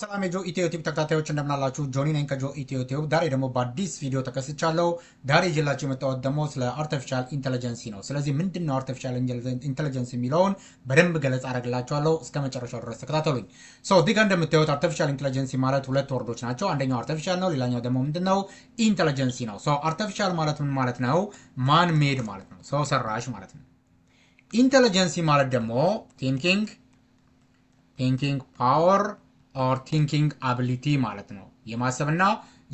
ሰላም የጆ ኢትዮ ቲዩብ ተከታታዮች እንደምናላችሁ፣ ጆኒ ነኝ ከጆ ኢትዮ ቲዩብ። ዛሬ ደግሞ በአዲስ ቪዲዮ ተከስቻለሁ። ዛሬ ይዤላችሁ የመጣሁት ደግሞ ስለ አርቲፊሻል ኢንቴሊጀንሲ ነው። ስለዚህ ምንድን ነው አርቲፊሻል ኢንቴሊጀንስ የሚለውን በደንብ ገለጻ አደርግላችኋለሁ። እስከ መጨረሻው ድረስ ተከታተሉኝ። ሶ እዚህ ጋር እንደምታዩት አርቲፊሻል ኢንቴሊጀንሲ ማለት ሁለት ወርዶች ናቸው። አንደኛው አርቲፊሻል ነው፣ ሌላኛው ደግሞ ምንድን ነው ኢንቴሊጀንሲ ነው። ሶ አርቲፊሻል ማለት ምን ማለት ነው? ማን ሜድ ማለት ነው፣ ሰው ሰራሽ ማለት ነው። ኢንቴሊጀንሲ ማለት ደግሞ ቲንኪንግ ቲንኪንግ ፓወር ኦር ቲንኪንግ አቢሊቲ ማለት ነው። የማሰብና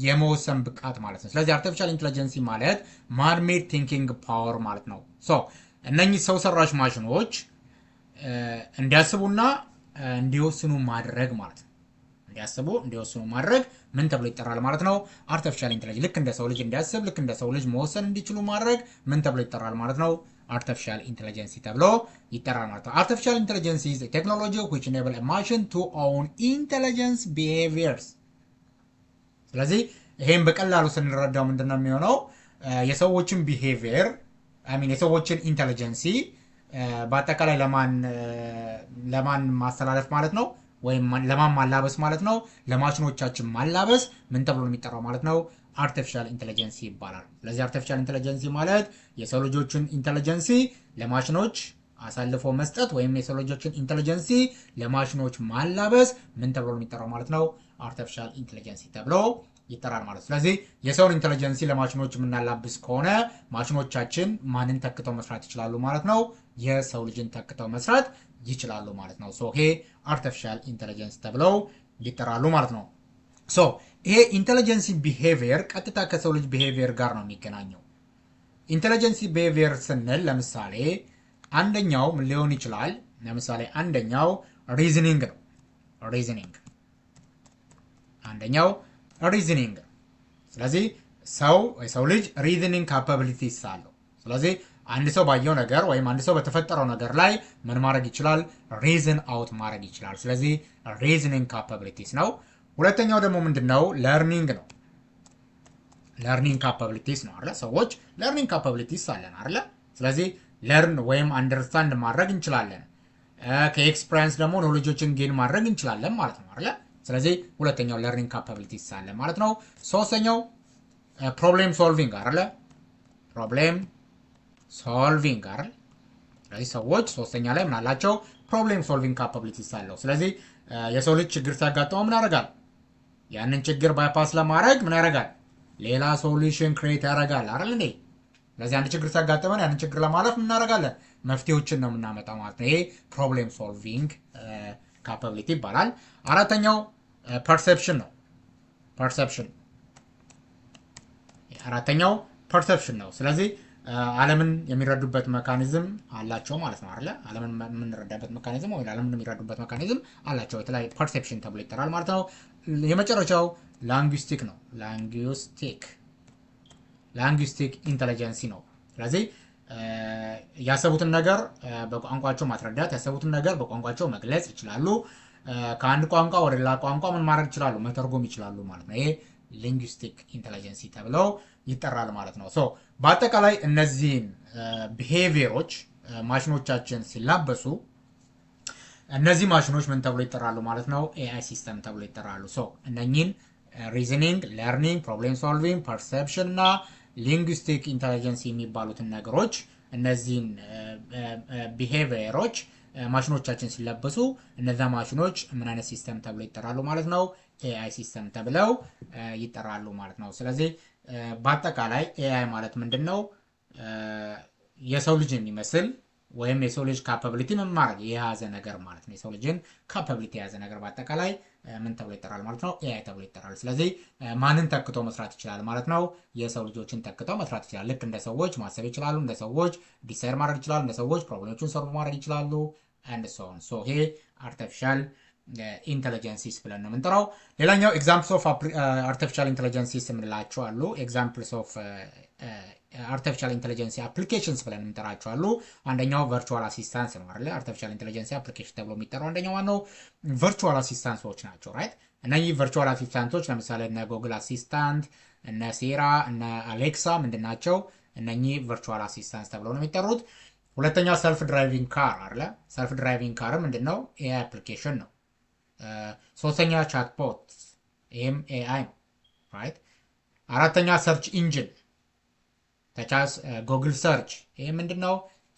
የመወሰን ብቃት ማለት ነው። ስለዚህ አርቲፊሻል ኢንቴሊጀንሲ ማለት ማንሜድ ቲንኪንግ ፓወር ማለት ነው። ሶ እነኚህ ሰው ሰራሽ ማሽኖች እንዲያስቡና እንዲወስኑ ማድረግ ማለት ነው። እንዲያስቡ እንዲወስኑ ማድረግ ምን ተብሎ ይጠራል ማለት ነው? አርቲፊሻል ኢንቴሊጀንስ ልክ እንደ ሰው ልጅ እንዲያስብ፣ ልክ እንደ ሰው ልጅ መወሰን እንዲችሉ ማድረግ ምን ተብሎ ይጠራል ማለት ነው? artificial intelligence ተብሎ ይጠራል ማለት ነው። artificial intelligence is a technology which enable a machine to own intelligence behaviors። ስለዚህ ይሄን በቀላሉ ስንረዳው ምንድን ነው የሚሆነው የሰዎችን ቢሄቪየር ሚን የሰዎችን ኢንቴሊጀንሲ በአጠቃላይ ለማን ማስተላለፍ ማለት ነው ወይም ለማን ማላበስ ማለት ነው ለማሽኖቻችን ማላበስ ምን ተብሎ ነው የሚጠራው ማለት ነው አርቲፊሻል ኢንቴሊጀንሲ ይባላል። ስለዚህ አርቲፊሻል ኢንቴሊጀንሲ ማለት የሰው ልጆችን ኢንቴሊጀንሲ ለማሽኖች አሳልፎ መስጠት ወይም የሰው ልጆችን ኢንቴሊጀንሲ ለማሽኖች ማላበስ ምን ተብሎ የሚጠራው ማለት ነው? አርቲፊሻል ኢንቴሊጀንሲ ተብሎ ይጠራል ማለት። ስለዚህ የሰውን ኢንቴሊጀንሲ ለማሽኖች የምናላብስ ከሆነ ማሽኖቻችን ማንን ተክተው መስራት ይችላሉ ማለት ነው? የሰው ልጅን ተክተው መስራት ይችላሉ ማለት ነው። ሶ ይሄ አርቲፊሻል ኢንቴሊጀንስ ተብለው ይጠራሉ ማለት ነው። ሶ ይሄ ኢንቴሊጀንሲ ቢሄቪየር ቀጥታ ከሰው ልጅ ቢሄቪየር ጋር ነው የሚገናኘው። ኢንቴሊጀንሲ ቢሄቪየር ስንል ለምሳሌ አንደኛው ሊሆን ይችላል። ለምሳሌ አንደኛው ሪዝኒንግ ነው። ሪዝኒንግ አንደኛው ሪዝኒንግ ነው። ስለዚህ ሰው የሰው ልጅ ሪዝኒንግ ካፓቢሊቲስ አለው። ስለዚህ አንድ ሰው ባየው ነገር ወይም አንድ ሰው በተፈጠረው ነገር ላይ ምን ማድረግ ይችላል? ሪዝን አውት ማድረግ ይችላል። ስለዚህ ሪዝኒንግ ካፓቢሊቲስ ነው። ሁለተኛው ደግሞ ምንድነው ለርኒንግ ነው። ለርኒንግ ካፓብሊቲስ ነው አለ። ሰዎች ለርኒንግ ካፓብሊቲስ አለን አለ። ስለዚህ ለርን ወይም አንደርስታንድ ማድረግ እንችላለን። ከኤክስፒሪየንስ ደግሞ ኖሎጆችን ጌን ማድረግ እንችላለን ማለት ነው አለ። ስለዚህ ሁለተኛው ለርኒንግ ካፓብሊቲስ አለ ማለት ነው። ሶስተኛው ፕሮብሌም ሶልቪንግ አለ። ፕሮብሌም ሶልቪንግ አለ። ስለዚህ ሰዎች ሶስተኛ ላይ ምናላቸው ፕሮብሌም ሶልቪንግ ካፓብሊቲስ አለው። ስለዚህ የሰው ልጅ ችግር ሲያጋጥመው ምን ያደርጋል? ያንን ችግር ባይፓስ ለማድረግ ምን ያደርጋል? ሌላ ሶሉሽን ክሬት ያደርጋል አይደል እንዴ? ስለዚህ አንድ ችግር ሲያጋጥመን ያንን ችግር ለማለፍ እናደርጋለን፣ መፍትሄዎችን ነው የምናመጣ ማለት ነው። ይሄ ፕሮብሌም ሶልቪንግ ካፓቢሊቲ ይባላል። አራተኛው ፐርሰፕሽን uh, ነው። ፐርሰፕሽን አራተኛው ፐርሰፕሽን ነው። ስለዚህ ዓለምን የሚረዱበት መካኒዝም አላቸው ማለት ነው አለ ዓለምን የምንረዳበት መካኒዝም ወይ ዓለምን የሚረዱበት መካኒዝም አላቸው። የተለያየ ፐርሴፕሽን ተብሎ ይጠራል ማለት ነው። የመጨረሻው ላንግስቲክ ነው። ላንግስቲክ ላንግስቲክ ኢንቴሊጀንሲ ነው። ስለዚህ ያሰቡትን ነገር በቋንቋቸው ማስረዳት፣ ያሰቡትን ነገር በቋንቋቸው መግለጽ ይችላሉ። ከአንድ ቋንቋ ወደ ሌላ ቋንቋ ምን ማድረግ ይችላሉ? መተርጎም ይችላሉ ማለት ነው። ይሄ ሊንግዊስቲክ ኢንቴሊጀንሲ ተብለው ይጠራል ማለት ነው። ሶ በአጠቃላይ እነዚህን ቢሄቪየሮች ማሽኖቻችን ሲላበሱ እነዚህ ማሽኖች ምን ተብሎ ይጠራሉ ማለት ነው? ኤአይ ሲስተም ተብሎ ይጠራሉ። ሶ እነኚህን ሪዝኒንግ፣ ለርኒንግ፣ ፕሮብሌም ሶልቪንግ፣ ፐርሰፕሽን እና ሊንግዊስቲክ ኢንቴሊጀንስ የሚባሉትን ነገሮች እነዚህን ቢሄቪየሮች ማሽኖቻችን ሲለበሱ እነዚያ ማሽኖች ምን አይነት ሲስተም ተብሎ ይጠራሉ ማለት ነው? ኤአይ ሲስተም ተብለው ይጠራሉ ማለት ነው። ስለዚህ በአጠቃላይ ኤአይ ማለት ምንድን ነው? የሰው ልጅ የሚመስል ወይም የሰው ልጅ ካፓብሊቲ መማረግ የያዘ ነገር ማለት ነው። የሰው ልጅን ካፓብሊቲ የያዘ ነገር በአጠቃላይ ምን ተብሎ ይጠራል ማለት ነው? ኤአይ ተብሎ ይጠራል። ስለዚህ ማንን ተክቶ መስራት ይችላል ማለት ነው? የሰው ልጆችን ተክቶ መስራት ይችላል። ልክ እንደ ሰዎች ማሰብ ይችላሉ፣ እንደ ሰዎች ዲሳይር ማድረግ ይችላሉ፣ እንደ ሰዎች ፕሮብሌሞችን ሰርቭ ማድረግ ይችላሉ። አንድ ሰውን ሶ ይሄ አርቲፊሻል ኢንቴሊጀንሲስ ብለን ነው የምንጠራው። ሌላኛው ኤግዛምፕልስ ኦፍ አርቲፊሻል ኢንቴሊጀንሲስ የምንላቸው አሉ። ኤግዛምፕልስ ኦፍ አርቲፊሻል ኢንቴሊጀንሲ አፕሊኬሽንስ ብለን የምንጠራቸው አሉ። አንደኛው ቨርቹዋል አሲስታንስ ነው አይደለ? አርቲፊሻል ኢንቴሊጀንሲ አፕሊኬሽን ተብሎ የሚጠራው አንደኛው ዋናው ቨርቹዋል አሲስታንሶች ናቸው። ራይት እነዚህ ቨርቹዋል አሲስታንቶች ለምሳሌ እነ ጎግል አሲስታንት፣ እነ ሴራ፣ እነ አሌክሳ ምንድን ናቸው? እነኚህ ቨርቹዋል አሲስታንስ ተብሎ ነው የሚጠሩት። ሁለተኛው ሰልፍ ድራይቪንግ ካር አለ። ሰልፍ ድራይቪንግ ካር ምንድን ነው? ኤአይ አፕሊኬሽን ነው ሶስተኛ ቻትቦት ይህም ኤአይ ነው። ራይት አራተኛ ሰርች ኢንጂን ተቻስ ጎግል ሰርች ይህ ምንድን ነው?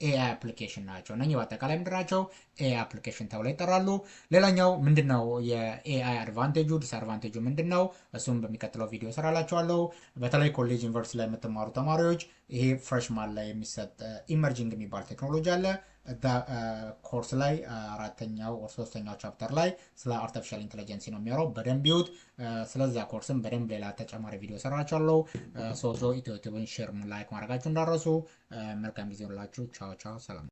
ኤአይ አፕሊኬሽን ናቸው። እነ በአጠቃላይ ምንድን ናቸው? ኤአይ አፕሊኬሽን ተብለው ይጠራሉ። ሌላኛው ምንድን ነው? የኤአይ አድቫንቴጁ ዲስአድቫንቴጁ ምንድን ነው? እሱም በሚቀጥለው ቪዲዮ እሰራላችኋለሁ። በተለይ ኮሌጅ ዩኒቨርሲቲ ላይ የምትማሩ ተማሪዎች ይሄ ፍሬሽማን ላይ የሚሰጥ ኢመርጂንግ የሚባል ቴክኖሎጂ አለ እዛ ኮርስ ላይ አራተኛው ወር ሶስተኛው ቻፕተር ላይ ስለ አርቲፊሻል ኢንቴሊጀንሲ ነው የሚያወራው። በደንብ ይዩት። ስለዛ ኮርስም በደንብ ሌላ ተጨማሪ ቪዲዮ ሰራችኋለሁ። ሶ ኢትዮ ቲቪን ሼር፣ ላይክ ማድረጋችሁ እንዳረሱ። መልካም ጊዜ ሁላችሁ። ቻው ቻው፣ ሰላም